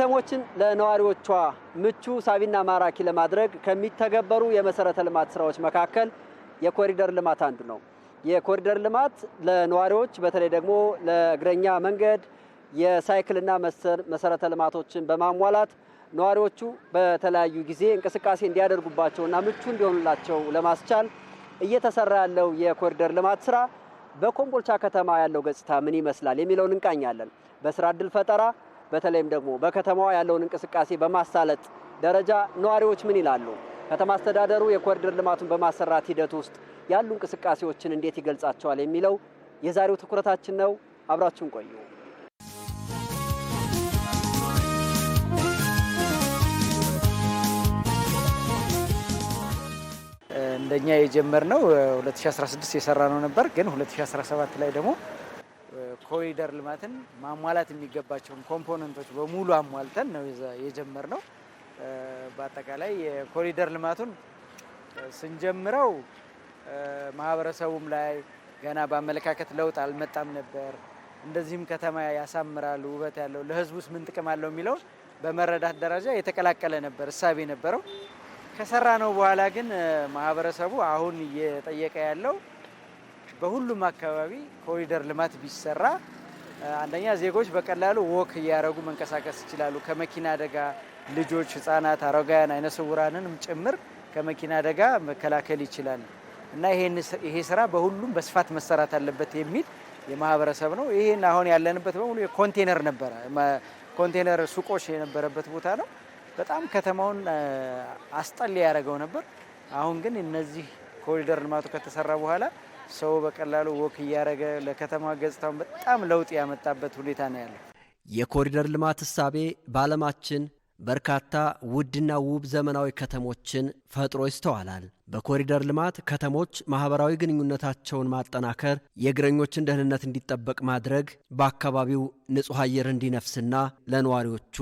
ከተሞችን ለነዋሪዎቿ ምቹ ሳቢና ማራኪ ለማድረግ ከሚተገበሩ የመሰረተ ልማት ስራዎች መካከል የኮሪደር ልማት አንዱ ነው። የኮሪደር ልማት ለነዋሪዎች በተለይ ደግሞ ለእግረኛ መንገድ፣ የሳይክልና መሰረተ ልማቶችን በማሟላት ነዋሪዎቹ በተለያዩ ጊዜ እንቅስቃሴ እንዲያደርጉባቸውና ምቹ እንዲሆኑላቸው ለማስቻል እየተሰራ ያለው የኮሪደር ልማት ስራ በኮምቦልቻ ከተማ ያለው ገጽታ ምን ይመስላል የሚለውን እንቃኛለን። በስራ እድል ፈጠራ በተለይም ደግሞ በከተማዋ ያለውን እንቅስቃሴ በማሳለጥ ደረጃ ነዋሪዎች ምን ይላሉ? ከተማ አስተዳደሩ የኮሪደር ልማቱን በማሰራት ሂደት ውስጥ ያሉ እንቅስቃሴዎችን እንዴት ይገልጻቸዋል? የሚለው የዛሬው ትኩረታችን ነው። አብራችሁን ቆዩ። እንደኛ የጀመር ነው 2016 የሰራ ነው ነበር፣ ግን 2017 ላይ ደግሞ ኮሪደር ልማትን ማሟላት የሚገባቸውን ኮምፖነንቶች በሙሉ አሟልተን ነው ነው። በአጠቃላይ የኮሪደር ልማቱን ስንጀምረው ማህበረሰቡም ላይ ገና በአመለካከት ለውጥ አልመጣም ነበር። እንደዚህም ከተማ ያሳምራል፣ ውበት ያለው ለህዝቡስ ምን ጥቅም አለው የሚለውን በመረዳት ደረጃ የተቀላቀለ ነበር እሳቤ ነበረው። ከሰራ ነው በኋላ ግን ማህበረሰቡ አሁን እየጠየቀ ያለው በሁሉም አካባቢ ኮሪደር ልማት ቢሰራ አንደኛ ዜጎች በቀላሉ ወክ እያደረጉ መንቀሳቀስ ይችላሉ። ከመኪና አደጋ ልጆች፣ ህጻናት፣ አረጋውያን፣ አይነ ስውራንንም ጭምር ከመኪና አደጋ መከላከል ይችላል እና ይሄ ስራ በሁሉም በስፋት መሰራት አለበት የሚል የማህበረሰብ ነው። ይህን አሁን ያለንበት በሙሉ የኮንቴነር ነበረ ኮንቴነር ሱቆች የነበረበት ቦታ ነው። በጣም ከተማውን አስጠል ያደረገው ነበር። አሁን ግን እነዚህ ኮሪደር ልማቱ ከተሰራ በኋላ ሰው በቀላሉ ወክ እያደረገ ለከተማ ገጽታውን በጣም ለውጥ ያመጣበት ሁኔታ ነው ያለው። የኮሪደር ልማት እሳቤ በዓለማችን በርካታ ውድና ውብ ዘመናዊ ከተሞችን ፈጥሮ ይስተዋላል። በኮሪደር ልማት ከተሞች ማህበራዊ ግንኙነታቸውን ማጠናከር፣ የእግረኞችን ደህንነት እንዲጠበቅ ማድረግ፣ በአካባቢው ንጹሕ አየር እንዲነፍስና ለነዋሪዎቹ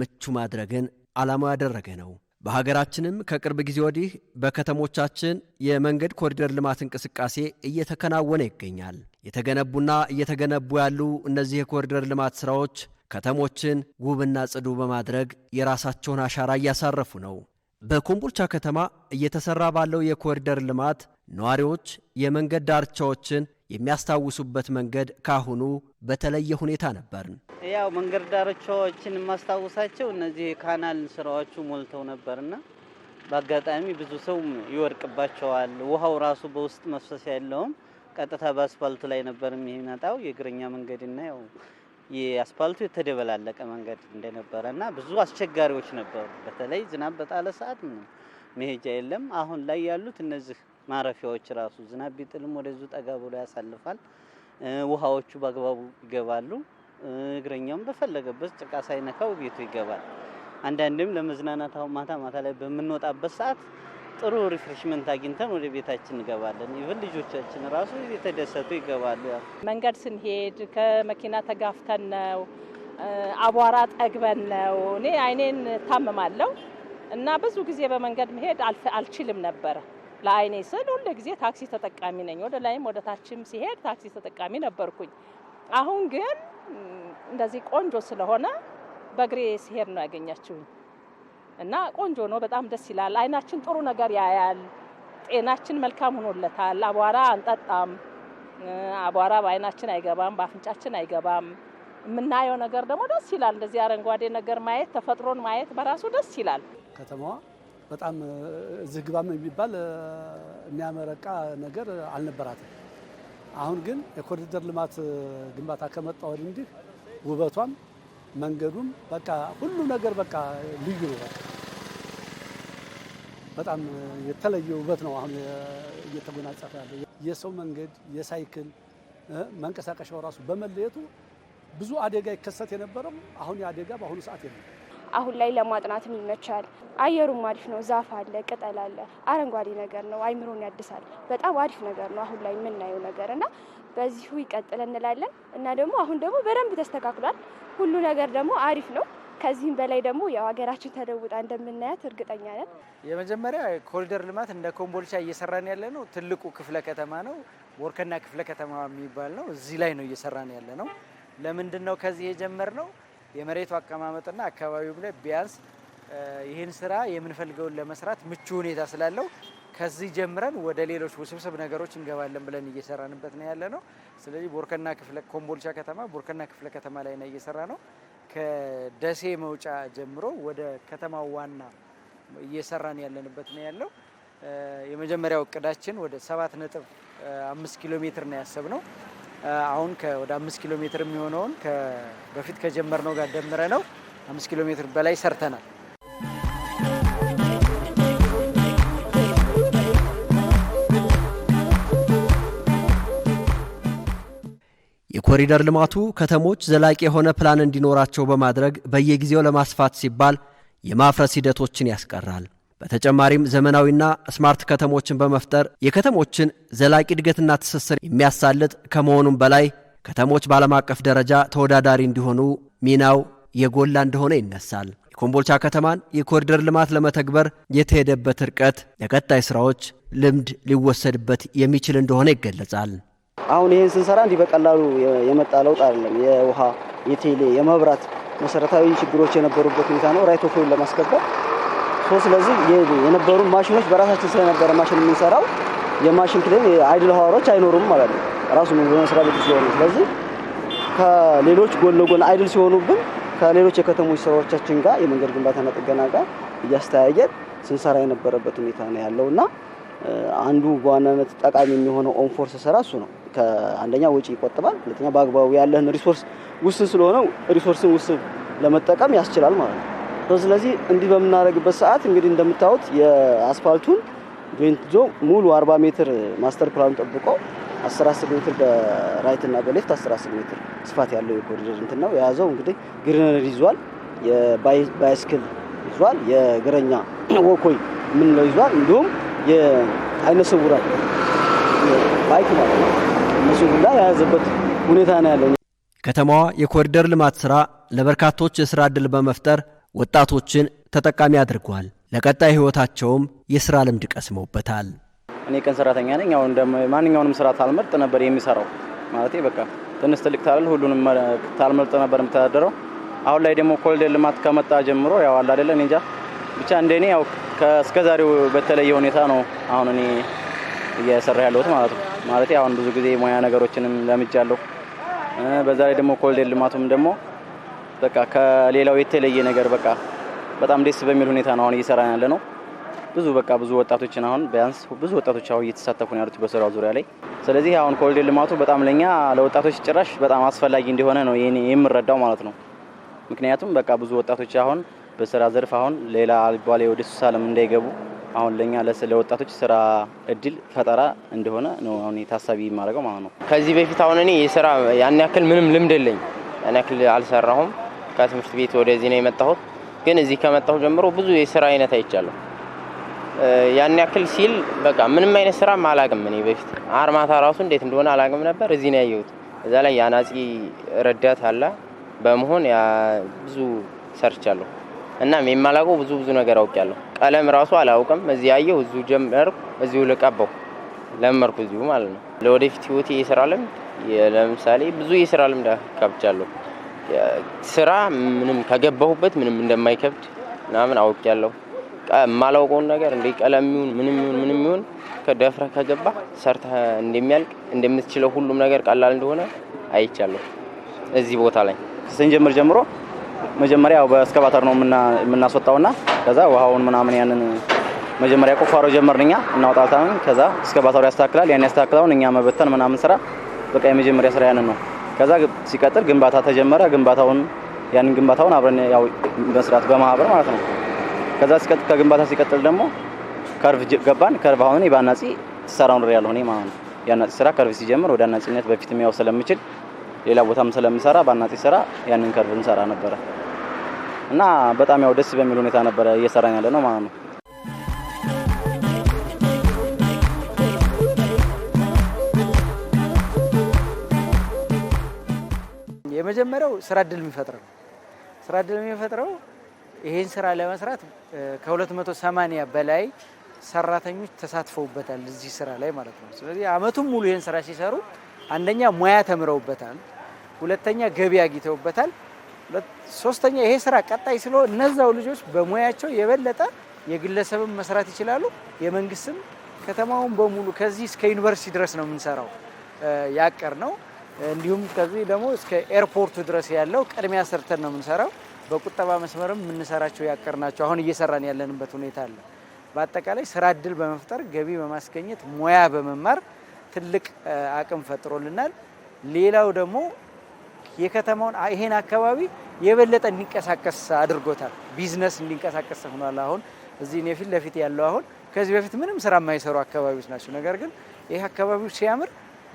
ምቹ ማድረግን ዓላማው ያደረገ ነው። በሀገራችንም ከቅርብ ጊዜ ወዲህ በከተሞቻችን የመንገድ ኮሪደር ልማት እንቅስቃሴ እየተከናወነ ይገኛል። የተገነቡና እየተገነቡ ያሉ እነዚህ የኮሪደር ልማት ስራዎች ከተሞችን ውብና ጽዱ በማድረግ የራሳቸውን አሻራ እያሳረፉ ነው። በኮምቦልቻ ከተማ እየተሰራ ባለው የኮሪደር ልማት ነዋሪዎች የመንገድ ዳርቻዎችን የሚያስታውሱበት መንገድ ካሁኑ በተለየ ሁኔታ ነበር። ያው መንገድ ዳርቻዎችን የማስታውሳቸው እነዚህ የካናል ስራዎቹ ሞልተው ነበርና በአጋጣሚ ብዙ ሰው ይወድቅባቸዋል። ውሃው ራሱ በውስጥ መፍሰስ ያለውም ቀጥታ በአስፋልቱ ላይ ነበር የሚመጣው። የእግረኛ መንገድና ያው የአስፋልቱ የተደበላለቀ መንገድ እንደነበረ ብዙ አስቸጋሪዎች ነበሩ። በተለይ ዝናብ በጣለ ሰዓት ምንም መሄጃ የለም። አሁን ላይ ያሉት እነዚህ ማረፊያዎች ራሱ ዝናብ ቢጥልም ወደዚሁ ጠጋ ብሎ ያሳልፋል። ውሃዎቹ በአግባቡ ይገባሉ። እግረኛውም በፈለገበት ጭቃ ሳይነካው ቤቱ ይገባል። አንዳንድም ለመዝናናት አሁን ማታ ማታ ላይ በምንወጣበት ሰዓት ጥሩ ሪፍሬሽመንት አግኝተን ወደ ቤታችን እንገባለን። ይብን ልጆቻችን ራሱ የተደሰቱ ይገባሉ። መንገድ ስንሄድ ከመኪና ተጋፍተን ነው፣ አቧራ ጠግበን ነው። እኔ አይኔን ታምማለሁ እና ብዙ ጊዜ በመንገድ መሄድ አልችልም ነበረ ለአይኔ ስል ሁል ጊዜ ታክሲ ተጠቃሚ ነኝ። ወደ ላይም ወደ ታችም ሲሄድ ታክሲ ተጠቃሚ ነበርኩኝ። አሁን ግን እንደዚህ ቆንጆ ስለሆነ በእግሬ ሲሄድ ነው ያገኛችሁኝ እና ቆንጆ ነው። በጣም ደስ ይላል። አይናችን ጥሩ ነገር ያያል። ጤናችን መልካም ሆኖለታል። አቧራ አንጠጣም። አቧራ በአይናችን አይገባም፣ በአፍንጫችን አይገባም። የምናየው ነገር ደግሞ ደስ ይላል። እንደዚህ አረንጓዴ ነገር ማየት፣ ተፈጥሮን ማየት በራሱ ደስ ይላል ከተማዋ በጣም እዚህ ግባም የሚባል የሚያመረቃ ነገር አልነበራትም። አሁን ግን የኮሪደር ልማት ግንባታ ከመጣ ወዲህ እንዲህ ውበቷም መንገዱም በቃ ሁሉ ነገር በቃ ልዩ ነው። በጣም የተለየ ውበት ነው አሁን እየተጎናጸፈ ያለው። የሰው መንገድ፣ የሳይክል መንቀሳቀሻው ራሱ በመለየቱ ብዙ አደጋ ይከሰት የነበረው አሁን የአደጋ በአሁኑ ሰዓት የለም። አሁን ላይ ለማጥናትም ይመቻል። አየሩም አሪፍ ነው። ዛፍ አለ፣ ቅጠል አለ፣ አረንጓዴ ነገር ነው። አይምሮን ያድሳል። በጣም አሪፍ ነገር ነው አሁን ላይ የምናየው ነገር እና በዚሁ ይቀጥል እንላለን እና ደግሞ አሁን ደግሞ በደንብ ተስተካክሏል። ሁሉ ነገር ደግሞ አሪፍ ነው። ከዚህም በላይ ደግሞ ያው ሀገራችን ተለውጣ እንደምናያት እርግጠኛ ነን። የመጀመሪያ ኮሪደር ልማት እንደ ኮምቦልቻ እየሰራን ያለ ነው። ትልቁ ክፍለ ከተማ ነው፣ ወርከና ክፍለ ከተማ የሚባል ነው። እዚህ ላይ ነው እየሰራን ያለ ነው። ለምንድን ነው ከዚህ የጀመር ነው? የመሬቱ አቀማመጥና አካባቢው ላይ ቢያንስ ይህን ስራ የምንፈልገውን ለመስራት ምቹ ሁኔታ ስላለው ከዚህ ጀምረን ወደ ሌሎች ውስብስብ ነገሮች እንገባለን ብለን እየሰራንበት ነው ያለ ነው። ስለዚህ ቦርከና ክፍለ ኮምቦልቻ ከተማ ቦርከና ክፍለ ከተማ ላይ ነው እየሰራ ነው። ከደሴ መውጫ ጀምሮ ወደ ከተማው ዋና እየሰራን ያለንበት ነው ያለው። የመጀመሪያው እቅዳችን ወደ ሰባት ነጥብ አምስት ኪሎ ሜትር ነው ነው። አሁን ወደ አምስት ኪሎ ሜትር የሚሆነውን በፊት ከጀመርነው ጋር ደምረ ነው አምስት ኪሎ ሜትር በላይ ሰርተናል። የኮሪደር ልማቱ ከተሞች ዘላቂ የሆነ ፕላን እንዲኖራቸው በማድረግ በየጊዜው ለማስፋት ሲባል የማፍረስ ሂደቶችን ያስቀራል። በተጨማሪም ዘመናዊና ስማርት ከተሞችን በመፍጠር የከተሞችን ዘላቂ እድገትና ትስስር የሚያሳልጥ ከመሆኑም በላይ ከተሞች በዓለም አቀፍ ደረጃ ተወዳዳሪ እንዲሆኑ ሚናው የጎላ እንደሆነ ይነሳል። የኮምቦልቻ ከተማን የኮሪደር ልማት ለመተግበር የተሄደበት ርቀት ለቀጣይ ስራዎች ልምድ ሊወሰድበት የሚችል እንደሆነ ይገለጻል። አሁን ይህን ስንሰራ እንዲህ በቀላሉ የመጣ ለውጥ አይደለም። የውሃ፣ የቴሌ፣ የመብራት መሰረታዊ ችግሮች የነበሩበት ሁኔታ ነው። ራይቶፎን ለማስከበር ስለዚህ የነበሩ ማሽኖች በራሳችን ስለነበረ ማሽን የምንሰራው የማሽን ክሌም አይድል ሀዋሮች አይኖሩም ማለት ነው። ራሱ በመስሪያ ቤቱ ስለሆኑ ስለዚህ ከሌሎች ጎን ለጎን አይድል ሲሆኑብን ከሌሎች የከተሞች ስራዎቻችን ጋር የመንገድ ግንባታና ጥገና ጋር እያስተያየን ስንሰራ የነበረበት ሁኔታ ነው ያለው እና አንዱ በዋናነት ጠቃሚ የሚሆነው ኦንፎርስ ስራ እሱ ነው። አንደኛ ወጪ ይቆጥባል፣ ሁለተኛ በአግባቡ ያለህን ሪሶርስ ውስን ስለሆነ ሪሶርስን ውስን ለመጠቀም ያስችላል ማለት ነው። ስለዚህ እንዲህ በምናደርግበት ሰዓት እንግዲህ እንደምታዩት የአስፋልቱን ጆይንት ይዞ ሙሉ 40 ሜትር ማስተር ፕላኑን ጠብቆ 10 ሜትር በራይት እና በሌፍት 10 ሜትር ስፋት ያለው የኮሪደር እንትን ነው የያዘው። እንግዲህ ግሪነር ይዟል፣ የባይስክል ይዟል፣ የእግረኛ ወኮይ የምንለው ይዟል፣ እንዲሁም የአይነ ስውራን ባይክ ማለት ነው እነሱ ሁላ የያዘበት ሁኔታ ነው ያለው። ከተማዋ የኮሪደር ልማት ስራ ለበርካቶች የስራ እድል በመፍጠር ወጣቶችን ተጠቃሚ አድርጓል። ለቀጣይ ህይወታቸውም የስራ ልምድ ቀስመውበታል። እኔ ቀን ሰራተኛ ነኝ። አሁን ማንኛውንም ስራ ታልመርጥ ነበር የሚሰራው ማለት በቃ ትንሽ ትልቅ ታልል ሁሉንም ታልመርጥ ነበር የምተዳደረው። አሁን ላይ ደግሞ ኮሪደር ልማት ከመጣ ጀምሮ ያው አለ አይደለ እንጃ ብቻ እንደኔ ያው ዛሬው በተለየ ሁኔታ ነው አሁን እኔ እየሰራ ያለሁት ማለት ነው። ማለት አሁን ብዙ ጊዜ ሙያ ነገሮችንም ለምጃለሁ። በዛ ላይ ደግሞ ኮሪደር ልማቱም ደግሞ በቃ ከሌላው የተለየ ነገር በቃ በጣም ደስ በሚል ሁኔታ ነው አሁን እየሰራ ያለ ነው። ብዙ በቃ ብዙ ወጣቶችን አሁን ቢያንስ ብዙ ወጣቶች አሁን እየተሳተፉ ነው ያሉት በስራው ዙሪያ ላይ። ስለዚህ አሁን ኮሪደር ልማቱ በጣም ለኛ ለወጣቶች ጭራሽ በጣም አስፈላጊ እንደሆነ ነው የምረዳው ማለት ነው። ምክንያቱም በቃ ብዙ ወጣቶች አሁን በስራ ዘርፍ አሁን ሌላ አልባሌ ወደ ሱስ ዓለም እንዳይገቡ አሁን ለኛ ለወጣቶች ስራ እድል ፈጠራ እንደሆነ ነው አሁን ታሳቢ የማደርገው ማለት ነው። ከዚህ በፊት አሁን እኔ የስራ ያን ያክል ምንም ልምድ የለኝ ያን ያክል አልሰራሁም። ከትምህርት ቤት ወደዚህ ነው የመጣሁት። ግን እዚህ ከመጣሁ ጀምሮ ብዙ የስራ አይነት አይቻለሁ። ያን ያክል ሲል በቃ ምንም አይነት ስራ አላቅም። እኔ በፊት አርማታ ራሱ እንዴት እንደሆነ አላቅም ነበር። እዚህ ነው ያየሁት። እዛ ላይ የአናጺ ረዳት አለ በመሆን ብዙ ሰርቻለሁ። እናም የማላውቀው ብዙ ብዙ ነገር አውቄያለሁ። ቀለም ራሱ አላውቅም። እዚህ ያየሁ እዚሁ ጀመርኩ፣ እዚሁ ልቀባው ለመርኩ፣ እዚሁ ማለት ነው። ለወደፊት ህይወቴ የስራ ልምድ ለምሳሌ ብዙ የስራ ልምድ ካብቻለሁ። ስራ ምንም ከገባሁበት ምንም እንደማይከብድ ምናምን አውቅ ያለው የማላውቀውን ነገር እንደ ቀለም ይሁን ምንም ይሁን ምንም ይሁን ከደፍረህ ከገባ ሰርተህ እንደሚያልቅ እንደምትችለው ሁሉም ነገር ቀላል እንደሆነ አይቻለሁ። እዚህ ቦታ ላይ ስንጀምር ጀምሮ መጀመሪያ ያው በእስከባተር ነው የምናስወጣውና ከዛ ውሃውን ምናምን ያንን መጀመሪያ ቁፋሮ ጀመርን እኛ እናውጣታን። ከዛ እስከባተሩ ያስተካክላል፣ ያን ያስተካክላውን እኛ መበተን ምናምን ስራ በቃ የመጀመሪያ ስራ ያንን ነው። ከዛ ሲቀጥል ግንባታ ተጀመረ። ግንባታውን ያንን ግንባታውን አብረን ያው መስራት በማህበር ማለት ነው። ከዛ ሲቀጥል ከግንባታ ሲቀጥል ደግሞ ከርቭ ገባን። ከርቭ አሁን እኔ በአናጺ ሰራውን ሪ ያለሁ እኔ ማለት ነው። የአናጺ ስራ ከርቭ ሲጀምር ወደ አናጺነት በፊትም ያው ስለምችል ሌላ ቦታም ስለምሰራ በአናጺ ስራ ያንን ከርቭ እንሰራ ነበረ እና በጣም ያው ደስ በሚል ሁኔታ ነበረ እየሰራን ያለ ነው ማለት ነው። የመጀመሪያው ስራ እድል የሚፈጥር ነው። ስራ እድል የሚፈጥረው ይሄን ስራ ለመስራት ከ280 በላይ ሰራተኞች ተሳትፈውበታል እዚህ ስራ ላይ ማለት ነው። ስለዚህ አመቱን ሙሉ ይህን ስራ ሲሰሩ አንደኛ ሙያ ተምረውበታል፣ ሁለተኛ ገቢ አግኝተውበታል፣ ሶስተኛ ይሄ ስራ ቀጣይ ስለሆነ እነዛው ልጆች በሙያቸው የበለጠ የግለሰብን መስራት ይችላሉ፣ የመንግስትም ከተማውን በሙሉ ከዚህ እስከ ዩኒቨርሲቲ ድረስ ነው የምንሰራው ያቀር ነው። እንዲሁም ከዚህ ደግሞ እስከ ኤርፖርቱ ድረስ ያለው ቅድሚያ ሰርተን ነው የምንሰራው። በቁጠባ መስመርም የምንሰራቸው ናቸው። አሁን እየሰራን ያለንበት ሁኔታ አለ። በአጠቃላይ ስራ እድል በመፍጠር ገቢ በማስገኘት ሙያ በመማር ትልቅ አቅም ፈጥሮልናል። ሌላው ደግሞ የከተማውን ይሄን አካባቢ የበለጠ እንዲንቀሳቀስ አድርጎታል። ቢዝነስ እንዲንቀሳቀስ ሆኗል። አሁን እዚህ እኔ ፊት ለፊት ያለው አሁን ከዚህ በፊት ምንም ስራ የማይሰሩ አካባቢዎች ናቸው። ነገር ግን ይህ አካባቢው ሲያምር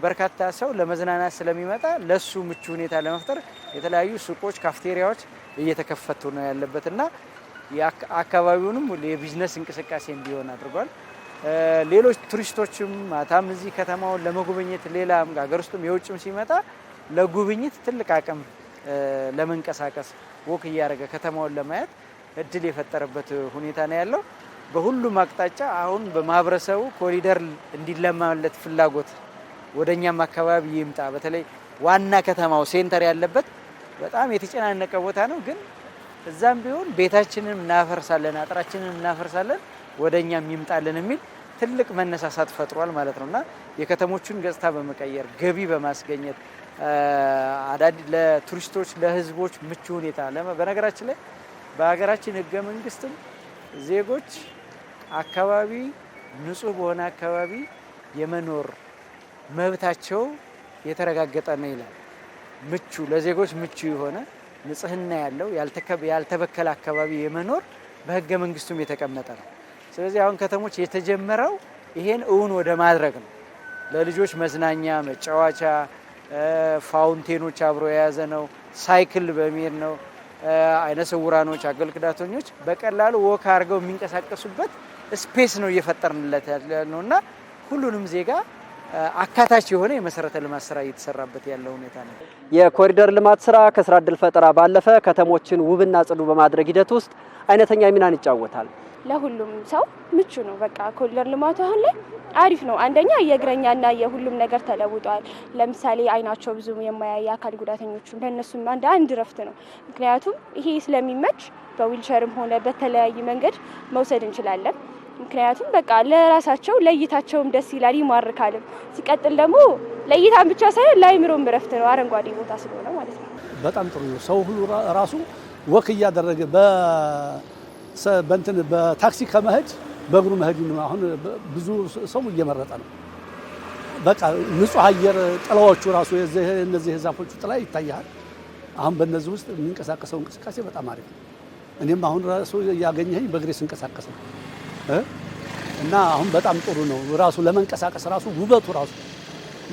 በርካታ ሰው ለመዝናናት ስለሚመጣ ለሱ ምቹ ሁኔታ ለመፍጠር የተለያዩ ሱቆች፣ ካፍቴሪያዎች እየተከፈቱ ነው ያለበት እና አካባቢውንም የቢዝነስ እንቅስቃሴ እንዲሆን አድርጓል። ሌሎች ቱሪስቶችም ማታም እዚህ ከተማውን ለመጎብኘት ሌላ ሀገር ውስጥም የውጭም ሲመጣ ለጉብኝት ትልቅ አቅም ለመንቀሳቀስ ወክ እያደረገ ከተማውን ለማየት እድል የፈጠረበት ሁኔታ ነው ያለው። በሁሉም አቅጣጫ አሁን በማህበረሰቡ ኮሪደር እንዲለማለት ፍላጎት ወደ እኛም አካባቢ ይምጣ። በተለይ ዋና ከተማው ሴንተር ያለበት በጣም የተጨናነቀ ቦታ ነው፣ ግን እዛም ቢሆን ቤታችንን እናፈርሳለን፣ አጥራችንን እናፈርሳለን፣ ወደ እኛም ይምጣልን የሚል ትልቅ መነሳሳት ፈጥሯል ማለት ነው እና የከተሞቹን ገጽታ በመቀየር ገቢ በማስገኘት ለቱሪስቶች ለህዝቦች ምቹ ሁኔታ በነገራችን ላይ በሀገራችን ህገ መንግስትም ዜጎች አካባቢ ንጹህ በሆነ አካባቢ የመኖር መብታቸው የተረጋገጠ ነው ይላል። ምቹ ለዜጎች ምቹ የሆነ ንጽህና ያለው ያልተበከለ አካባቢ የመኖር በህገ መንግስቱም የተቀመጠ ነው። ስለዚህ አሁን ከተሞች የተጀመረው ይሄን እውን ወደ ማድረግ ነው። ለልጆች መዝናኛ፣ መጫወቻ፣ ፋውንቴኖች አብሮ የያዘ ነው። ሳይክል በሚሄድ ነው። አይነ ስውራኖች፣ አካል ጉዳተኞች በቀላሉ ወክ አድርገው የሚንቀሳቀሱበት ስፔስ ነው እየፈጠርንለት ያለ ነው እና ሁሉንም ዜጋ አካታች የሆነ የመሰረተ ልማት ስራ እየተሰራበት ያለ ሁኔታ ነው። የኮሪደር ልማት ስራ ከስራ እድል ፈጠራ ባለፈ ከተሞችን ውብና ጽዱ በማድረግ ሂደት ውስጥ አይነተኛ ሚናን ይጫወታል። ለሁሉም ሰው ምቹ ነው። በቃ ኮሪደር ልማቱ አሁን ላይ አሪፍ ነው። አንደኛ የእግረኛና የሁሉም ነገር ተለውጧል። ለምሳሌ አይናቸው ብዙ የማያይ አካል ጉዳተኞቹ ለእነሱም አንድ አንድ ረፍት ነው። ምክንያቱም ይሄ ስለሚመች በዊልቸርም ሆነ በተለያየ መንገድ መውሰድ እንችላለን። ምክንያቱም በቃ ለራሳቸው ለእይታቸውም ደስ ይላል ይማርካልም። ሲቀጥል ደግሞ ለእይታም ብቻ ሳይሆን ለአይምሮም እረፍት ነው፣ አረንጓዴ ቦታ ስለሆነ ማለት ነው። በጣም ጥሩ ነው። ሰው ሁሉ ራሱ ወክ እያደረገ በእንትን በታክሲ ከመሄድ በእግሩ መሄድ አሁን ብዙ ሰው እየመረጠ ነው። በቃ ንጹህ አየር ጥላዎቹ ራሱ እነዚህ ዛፎቹ ጥላ ይታያል። አሁን በእነዚህ ውስጥ የሚንቀሳቀሰው እንቅስቃሴ በጣም አሪፍ ነው። እኔም አሁን ራሱ ያገኘኝ በእግሬ ስንቀሳቀስ ነው። እና አሁን በጣም ጥሩ ነው። ራሱ ለመንቀሳቀስ ራሱ ውበቱ ራሱ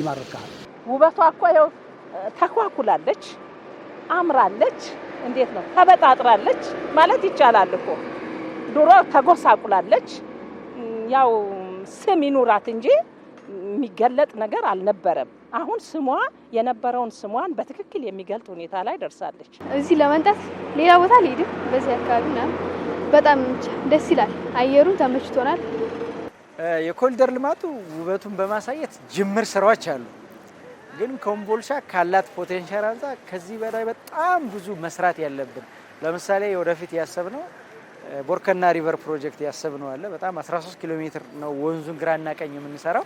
ይማርካል። ውበቷ እኮ ይኸው ተኳኩላለች፣ አምራለች። እንዴት ነው ተበጣጥራለች ማለት ይቻላል እኮ ድሮ ተጎሳቁላለች። ያው ስም ይኑራት እንጂ የሚገለጥ ነገር አልነበረም። አሁን ስሟ የነበረውን ስሟን በትክክል የሚገልጥ ሁኔታ ላይ ደርሳለች። እዚህ ለመንጣት ሌላ ቦታ ልሄድም በዚህ አካባቢ በጣም ደስ ይላል። አየሩ ተመችቶናል። የኮሪደር ልማቱ ውበቱን በማሳየት ጅምር ስራዎች አሉ። ግን ኮምቦልቻ ካላት ፖቴንሻል አንጻር ከዚህ በላይ በጣም ብዙ መስራት ያለብን ለምሳሌ ወደፊት ያሰብነው ቦርከና ሪቨር ፕሮጀክት ያሰብነው አለ። በጣም 13 ኪሎ ሜትር ነው ወንዙን ግራና ቀኝ የምንሰራው።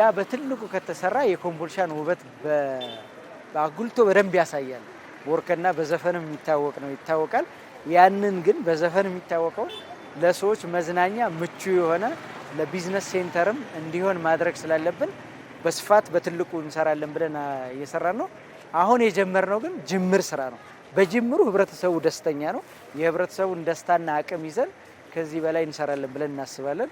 ያ በትልቁ ከተሰራ የኮምቦልቻን ውበት በአጉልቶ በደንብ ያሳያል። ቦርከና በዘፈንም የሚታወቅ ነው ይታወቃል። ያንን ግን በዘፈን የሚታወቀው ለሰዎች መዝናኛ ምቹ የሆነ ለቢዝነስ ሴንተርም እንዲሆን ማድረግ ስላለብን በስፋት በትልቁ እንሰራለን ብለን እየሰራን ነው። አሁን የጀመርነው ግን ጅምር ስራ ነው። በጅምሩ ህብረተሰቡ ደስተኛ ነው። የህብረተሰቡን ደስታና አቅም ይዘን ከዚህ በላይ እንሰራለን ብለን እናስባለን።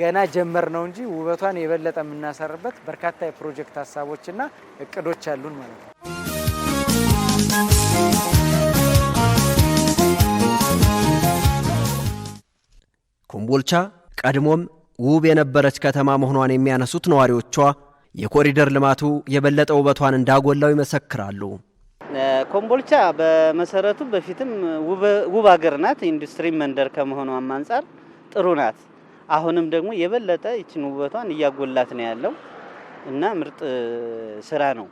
ገና ጀመር ነው እንጂ ውበቷን የበለጠ የምናሰርበት በርካታ የፕሮጀክት ሀሳቦችና እቅዶች አሉን ማለት ነው። ኮምቦልቻ ቀድሞም ውብ የነበረች ከተማ መሆኗን የሚያነሱት ነዋሪዎቿ የኮሪደር ልማቱ የበለጠ ውበቷን እንዳጎላው ይመሰክራሉ። ኮምቦልቻ በመሰረቱ በፊትም ውብ ሀገር ናት። ኢንዱስትሪ መንደር ከመሆኗም አንጻር ጥሩ ናት። አሁንም ደግሞ የበለጠ ይችን ውበቷን እያጎላት ነው ያለው እና ምርጥ ስራ ነው።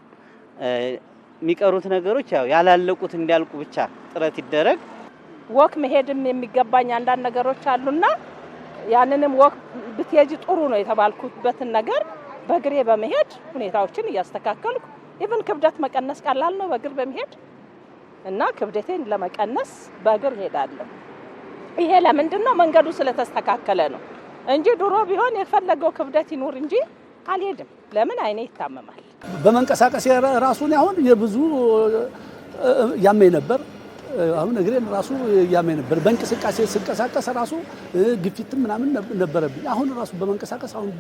የሚቀሩት ነገሮች ያው ያላለቁት እንዲያልቁ ብቻ ጥረት ይደረግ። ወክ መሄድም የሚገባኝ አንዳንድ ነገሮች አሉና ያንንም ወቅት ብትሄጂ ጥሩ ነው የተባልኩበትን ነገር በእግሬ በመሄድ ሁኔታዎችን እያስተካከልኩ ኢቭን ክብደት መቀነስ ቀላል ነው በእግር በመሄድ እና ክብደቴን ለመቀነስ በእግር ሄዳለሁ። ይሄ ለምንድን ነው? መንገዱ ስለተስተካከለ ነው እንጂ ድሮ ቢሆን የፈለገው ክብደት ይኑር እንጂ አልሄድም። ለምን? አይኔ ይታመማል። በመንቀሳቀስ ራሱን አሁን የብዙ ያመኝ ነበር አሁን እግሬን ራሱ ያመኝ ነበር። በእንቅስቃሴ ስንቀሳቀስ ራሱ ግፊትም ምናምን ነበረብኝ። አሁን ራሱ በመንቀሳቀስ አሁን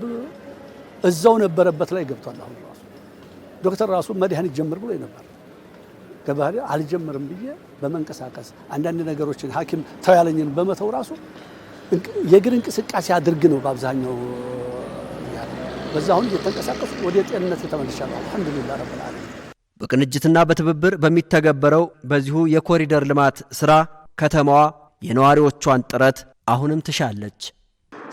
እዛው ነበረበት ላይ ገብቷል። አሁን ራሱ ዶክተር ራሱ መድኃኒት ጀምር ብሎ ነበር ከባህሪ አልጀምርም ብዬ በመንቀሳቀስ አንዳንድ ነገሮችን ሐኪም ተው ያለኝን በመተው ራሱ የእግር እንቅስቃሴ አድርግ ነው በአብዛኛው በዛ አሁን እየተንቀሳቀሱ ወደ ጤንነት የተመልሻለሁ። አልሐምዱሊላህ ረብል በቅንጅትና በትብብር በሚተገበረው በዚሁ የኮሪደር ልማት ስራ ከተማዋ የነዋሪዎቿን ጥረት አሁንም ትሻለች።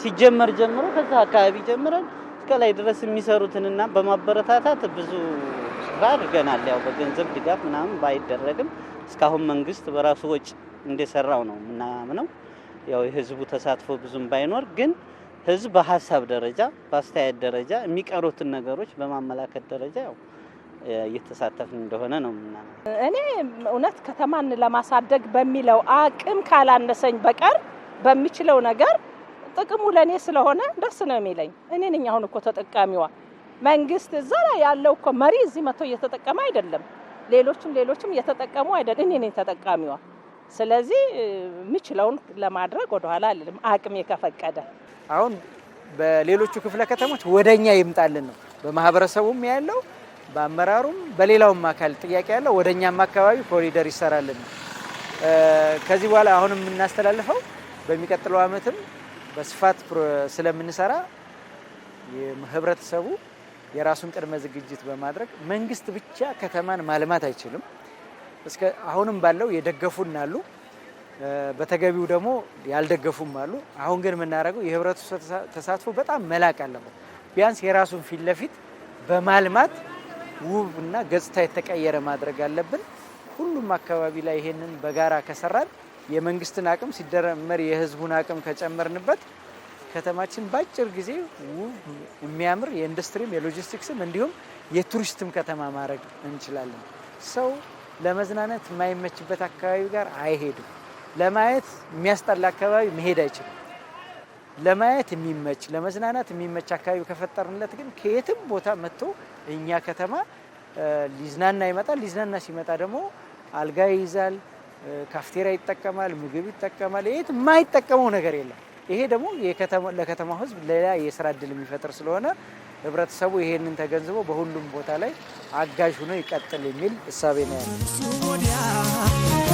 ሲጀመር ጀምሮ ከዛ አካባቢ ጀምረን እስከላይ ድረስ የሚሰሩትንና በማበረታታት ብዙ ስራ አድርገናል። ያው በገንዘብ ድጋፍ ምናምን ባይደረግም እስካሁን መንግስት በራሱ ወጪ እንደሰራው ነው ምናምነው። ያው የህዝቡ ተሳትፎ ብዙም ባይኖር ግን ህዝብ በሀሳብ ደረጃ በአስተያየት ደረጃ የሚቀሩትን ነገሮች በማመላከት ደረጃ ያው እየተሳተፍን እንደሆነ ነው ምናምን። እኔ እውነት ከተማን ለማሳደግ በሚለው አቅም ካላነሰኝ በቀር በሚችለው ነገር ጥቅሙ ለእኔ ስለሆነ ደስ ነው የሚለኝ። እኔ ነኝ አሁን እኮ ተጠቃሚዋ። መንግስት እዛ ላይ ያለው እኮ መሪ እዚህ መጥቶ እየተጠቀመ አይደለም፣ ሌሎችም ሌሎችም እየተጠቀሙ አይደለም። እኔ ነኝ ተጠቃሚዋ። ስለዚህ የምችለውን ለማድረግ ወደኋላ አልልም፣ አቅም የከፈቀደ። አሁን በሌሎቹ ክፍለ ከተሞች ወደኛ ይምጣልን ነው በማህበረሰቡም ያለው በአመራሩም በሌላውም አካል ጥያቄ ያለው ወደ እኛም አካባቢ ኮሪደር ይሰራልን። ከዚህ በኋላ አሁን የምናስተላልፈው በሚቀጥለው አመትም በስፋት ስለምንሰራ ህብረተሰቡ የራሱን ቅድመ ዝግጅት በማድረግ መንግስት ብቻ ከተማን ማልማት አይችልም። እስከ አሁንም ባለው የደገፉን አሉ፣ በተገቢው ደግሞ ያልደገፉም አሉ። አሁን ግን የምናደርገው የህብረቱ ተሳትፎ በጣም መላቅ አለበት። ቢያንስ የራሱን ፊት ለፊት በማልማት ውብ እና ገጽታ የተቀየረ ማድረግ አለብን። ሁሉም አካባቢ ላይ ይሄንን በጋራ ከሰራን የመንግስትን አቅም ሲደረመር የህዝቡን አቅም ከጨመርንበት ከተማችን በአጭር ጊዜ ውብ የሚያምር የኢንዱስትሪም የሎጂስቲክስም እንዲሁም የቱሪስትም ከተማ ማድረግ እንችላለን። ሰው ለመዝናናት የማይመችበት አካባቢ ጋር አይሄድም። ለማየት የሚያስጠላ አካባቢ መሄድ አይችልም። ለማየት የሚመች ለመዝናናት የሚመች አካባቢ ከፈጠርንለት ግን ከየትም ቦታ መጥቶ እኛ ከተማ ሊዝናና ይመጣል። ሊዝናና ሲመጣ ደግሞ አልጋ ይይዛል፣ ካፍቴሪያ ይጠቀማል፣ ምግብ ይጠቀማል። የት የማይጠቀመው ነገር የለም። ይሄ ደግሞ ለከተማው ሕዝብ ሌላ የስራ እድል የሚፈጥር ስለሆነ ህብረተሰቡ ይሄንን ተገንዝቦ በሁሉም ቦታ ላይ አጋዥ ሆኖ ይቀጥል የሚል እሳቤ ነው ያለው።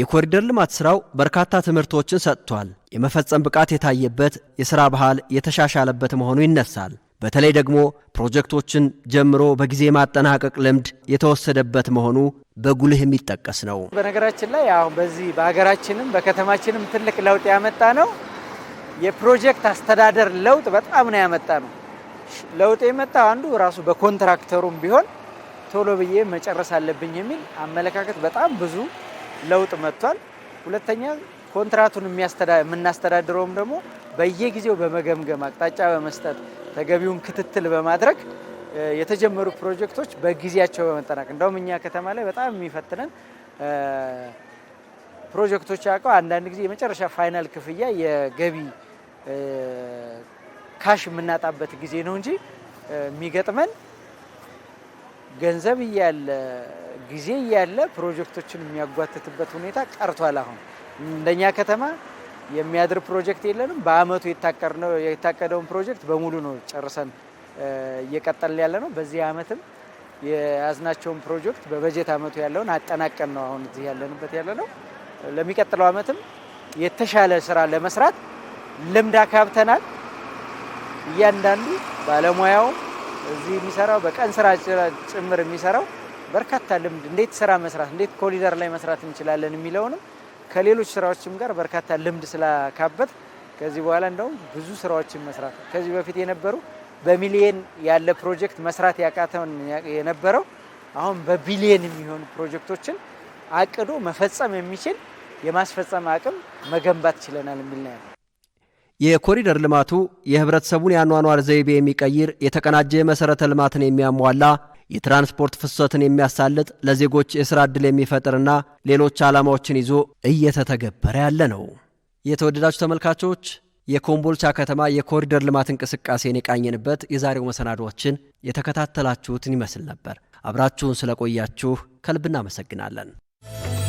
የኮሪደር ልማት ስራው በርካታ ትምህርቶችን ሰጥቷል። የመፈጸም ብቃት የታየበት የሥራ ባህል የተሻሻለበት መሆኑ ይነሳል። በተለይ ደግሞ ፕሮጀክቶችን ጀምሮ በጊዜ ማጠናቀቅ ልምድ የተወሰደበት መሆኑ በጉልህ የሚጠቀስ ነው። በነገራችን ላይ አሁን በዚህ በሀገራችንም በከተማችንም ትልቅ ለውጥ ያመጣ ነው የፕሮጀክት አስተዳደር ለውጥ በጣም ነው ያመጣ ነው። ለውጥ የመጣ አንዱ ራሱ በኮንትራክተሩም ቢሆን ቶሎ ብዬ መጨረስ አለብኝ የሚል አመለካከት በጣም ብዙ ለውጥ መጥቷል። ሁለተኛ ኮንትራቱን የምናስተዳድረውም ደግሞ በየጊዜው በመገምገም አቅጣጫ በመስጠት ተገቢውን ክትትል በማድረግ የተጀመሩ ፕሮጀክቶች በጊዜያቸው በመጠናቅ እንደውም እኛ ከተማ ላይ በጣም የሚፈትነን ፕሮጀክቶች ያውቀው አንዳንድ ጊዜ የመጨረሻ ፋይናል ክፍያ የገቢ ካሽ የምናጣበት ጊዜ ነው እንጂ የሚገጥመን ገንዘብ እያለ ጊዜ ያለ ፕሮጀክቶችን የሚያጓትትበት ሁኔታ ቀርቷል። አሁን እንደኛ ከተማ የሚያድር ፕሮጀክት የለንም። በአመቱ የታቀደውን ፕሮጀክት በሙሉ ነው ጨርሰን እየቀጠል ያለ ነው። በዚህ አመትም የያዝናቸውን ፕሮጀክት በበጀት አመቱ ያለውን አጠናቀን ነው አሁን እዚህ ያለንበት ያለ ነው። ለሚቀጥለው አመትም የተሻለ ስራ ለመስራት ልምድ አካብተናል። እያንዳንዱ ባለሙያው እዚህ የሚሰራው በቀን ስራ ጭምር የሚሰራው በርካታ ልምድ እንዴት ስራ መስራት እንዴት ኮሪደር ላይ መስራት እንችላለን የሚለውንም ከሌሎች ስራዎችም ጋር በርካታ ልምድ ስላካበት ከዚህ በኋላ እንደውም ብዙ ስራዎችን መስራት ከዚህ በፊት የነበሩ በሚሊየን ያለ ፕሮጀክት መስራት ያቃተን የነበረው አሁን በቢሊየን የሚሆኑ ፕሮጀክቶችን አቅዶ መፈጸም የሚችል የማስፈጸም አቅም መገንባት ችለናል የሚል ነው። የኮሪደር ልማቱ የህብረተሰቡን የአኗኗር ዘይቤ የሚቀይር የተቀናጀ መሰረተ ልማትን የሚያሟላ የትራንስፖርት ፍሰትን የሚያሳልጥ ለዜጎች የስራ ዕድል የሚፈጥርና ሌሎች ዓላማዎችን ይዞ እየተተገበረ ያለ ነው። የተወደዳችሁ ተመልካቾች የኮምቦልቻ ከተማ የኮሪደር ልማት እንቅስቃሴን የቃኘንበት የዛሬው መሰናዶችን የተከታተላችሁትን ይመስል ነበር። አብራችሁን ስለቆያችሁ ከልብ እናመሰግናለን።